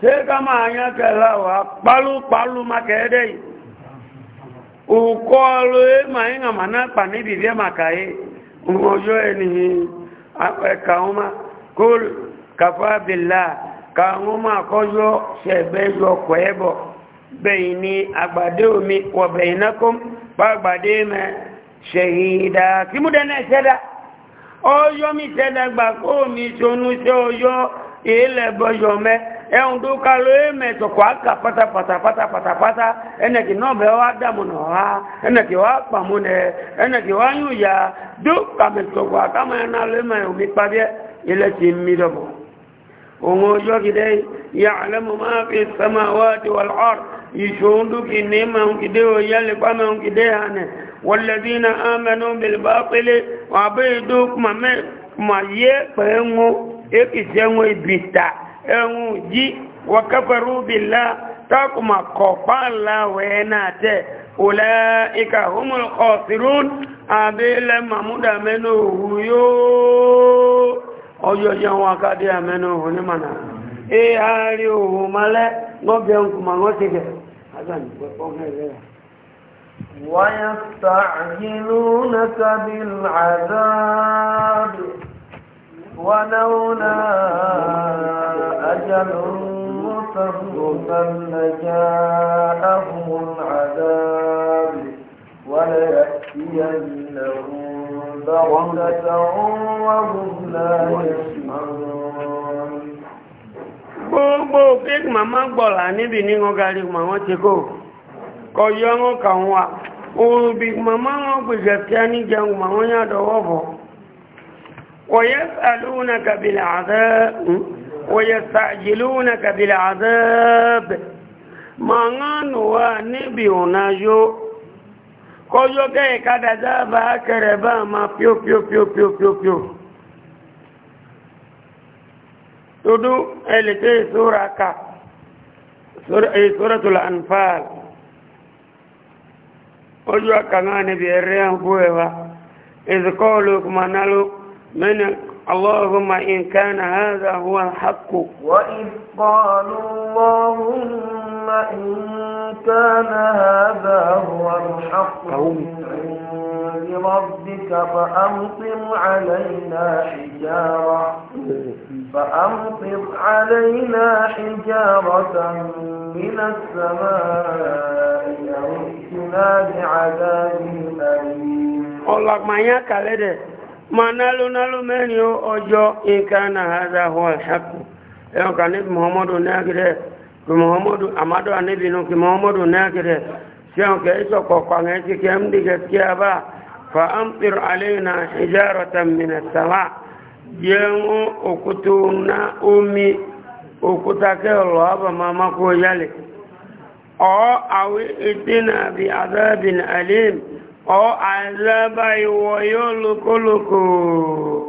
ṣé ká máa àyànkẹ́ láwàá pálúpálú má kẹ́ẹ́dẹ́ yìí òkọ́ lóye e màá ń hàn màá náà pà níbi ìfẹ́ màkàyé òun ọjọ́ ẹni yìí kàwọ́mà kúl kàfábìlá kàwọ́mà kọjọ́ ṣẹ̀gbẹ́jọ kọ̀ ẹ́bọ̀ bẹ̀yìn ní àgbàdé omi wọ̀ bẹ̀yìn nákún pàgbàdé mẹ́ ṣẹ̀yìndà kí mú dẹ́nà ṣẹ́dá ọjọ́ mi ṣẹ́dá gbà kó mi ṣonú ṣẹ́ ọjọ́ ilẹ̀ bọ́jọ́ mẹ́ ẹ̀hún tó ká ló é mẹ́tọ̀ kọ́ àkà pátápátá pátápátá ẹnẹ̀kì náà bẹ́ẹ̀ wá dàmú nà wá ẹnẹ̀kì wá pàmò nẹ ẹnẹ̀kì wá yóò yá dó kàmẹ́tọ̀ kọ́ àkàmọ́ ẹ̀ náà ló é mẹ́ omi pàdé ilẹ̀ ti mí dọ̀bọ̀. òun ọjọ́ kìdẹ́ yàlẹ́mu máa fi sẹ́mà wá ti wà lọ́r ìṣòǹdùkì ní mẹ́hún kìdẹ́ ò yẹ́lẹ̀ pàmẹ́hún kìdẹ́ hànẹ́ wọ́lẹ́dínà ámẹ́nu bèlbà pélé wà bẹ́ẹ̀ dó kùmà yé pẹ̀ẹ́ ń wọ́n èkìtẹ́ ń wọ́n ibìta ẹ̀hún yí wọ́kẹ́fẹ́rú bìlá tákùmà kọ̀pá ńlá wẹ̀ẹ́ náà tẹ́ òlẹ́ ikà homer ọ̀sìrún àbílẹ̀ mahmuda mẹ́nu òhù yóò ọjọ́ wọn akádé àmẹ́nu òhù ní mànà ẹ̀ òhù malẹ́ ويستعجلونك بالعذاب ولولا أجل مسمى لجاءهم العذاب وليأتينهم بغتة وهم لا يشعرون gbogbo kéèkì màmá gbọ̀là níbi ní wọn gárí màmá ti kó kọjọ́ wọn kà wọn wá òbí màmá wọn gbèsè kí á ní jẹun màmá yàdọ̀ wọ́fọ̀ọ́ ويسألونك بالعذاب ويستعجلونك بالعذاب ما نانوا نبينا جو kojo ke kada zaba kere ba ma pio pio pio pio pio pio tudu elete sura ka sura e suratul anfal ojo ka ngane bi re an buewa iz qalu kumanalu من اللهم إن كان هذا هو الحق وإذ قالوا اللهم إن كان هذا هو الحق من عند ربك فأمطر علينا حجارة فأمطر علينا حجارة من السماء أو ائتنا بعذاب أليم. الله ما يكالده manalu nalu meni o ojo ikana hadha huwa alhaq eo kanib muhammadu nagire ki muhammadu amado anibi no ki muhammadu nagire ke iso ba fa alaina hijaratan min umi lo aba mama ko yale o awi itina bi adabin alim ọ àìlẹ́bà ìwọ̀ yóò lókólókò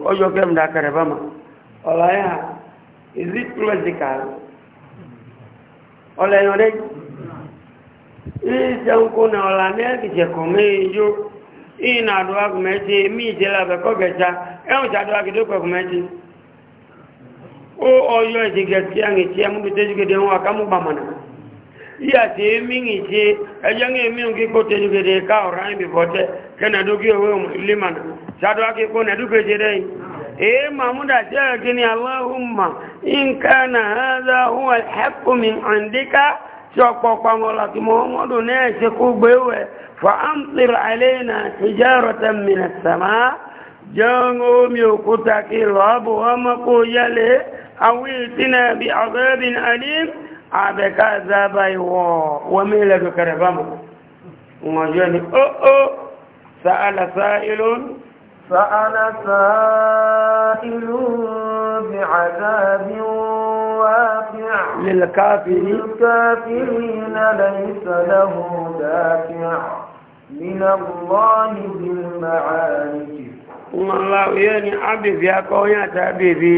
ọjọ́ kẹ́mdà kẹrẹ̀bá ma ọ̀láyà is it logical ọ̀lẹ́yàn na ọ̀là ní ẹ̀kìjẹ̀ kọ̀ ìnà àdúrà mí ìjẹ́lá ẹ̀hùn iyàtí èmi ń ṣe ẹjọ́ ń èmi ń kíkó tẹnugede ká ọ̀rọ̀ ayé bìbọ̀ tẹ kẹ́nàdógí owó límànà ṣáàdó akíkó nẹ̀dúgbèjì rẹ̀ èé màmúdà jẹ́ ẹ̀kíní aláhùnmà ìǹkanà hádà hún ẹ̀kùnmí àǹdíká tí ọ̀pọ̀ àbẹ̀ká zábá ìwọ̀ wọ́n mílẹ̀ tó kẹrẹ bá mọ̀ ọjọ́ ni ó oh, ó oh. sa'ala sa'ilun sa'ala sa'ilun bi azabin wafi' lil kafirin laysa lahu dafi' min Allah bil ma'arij Allah yani abi fi akoyan tabi bi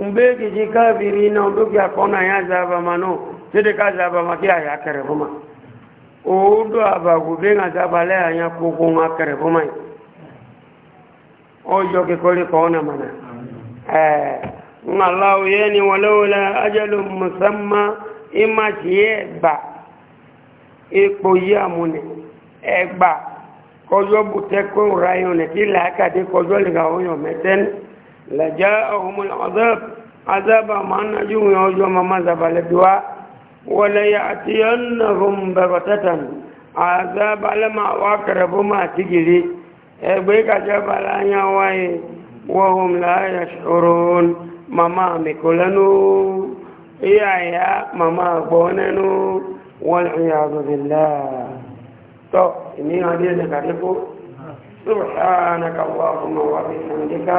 mgbe e kiji kafiri na ndugu akona ya zaba mano tede ka zaba makia ya kere boma odo aba na zaba le anya kukunga kere boma ojo ke kole kona mana eh ngallahu yani walawla ajalun musamma imma tieba epo yamune egba kojo bute ko rayon ne ti la ka de kojo le ga oyo meten لجاءهم العذاب عذاب ما نجوا يوم ما زبل دوا ولا يأتينهم بغتة عذاب لما وقرب ما تجري ebe kajabala anya waye wahum la yashurun mama mikulanu iya ya mama gbonenu wal iyadu billah to ni hadiye ne kadiko subhanaka allahumma wa bihamdika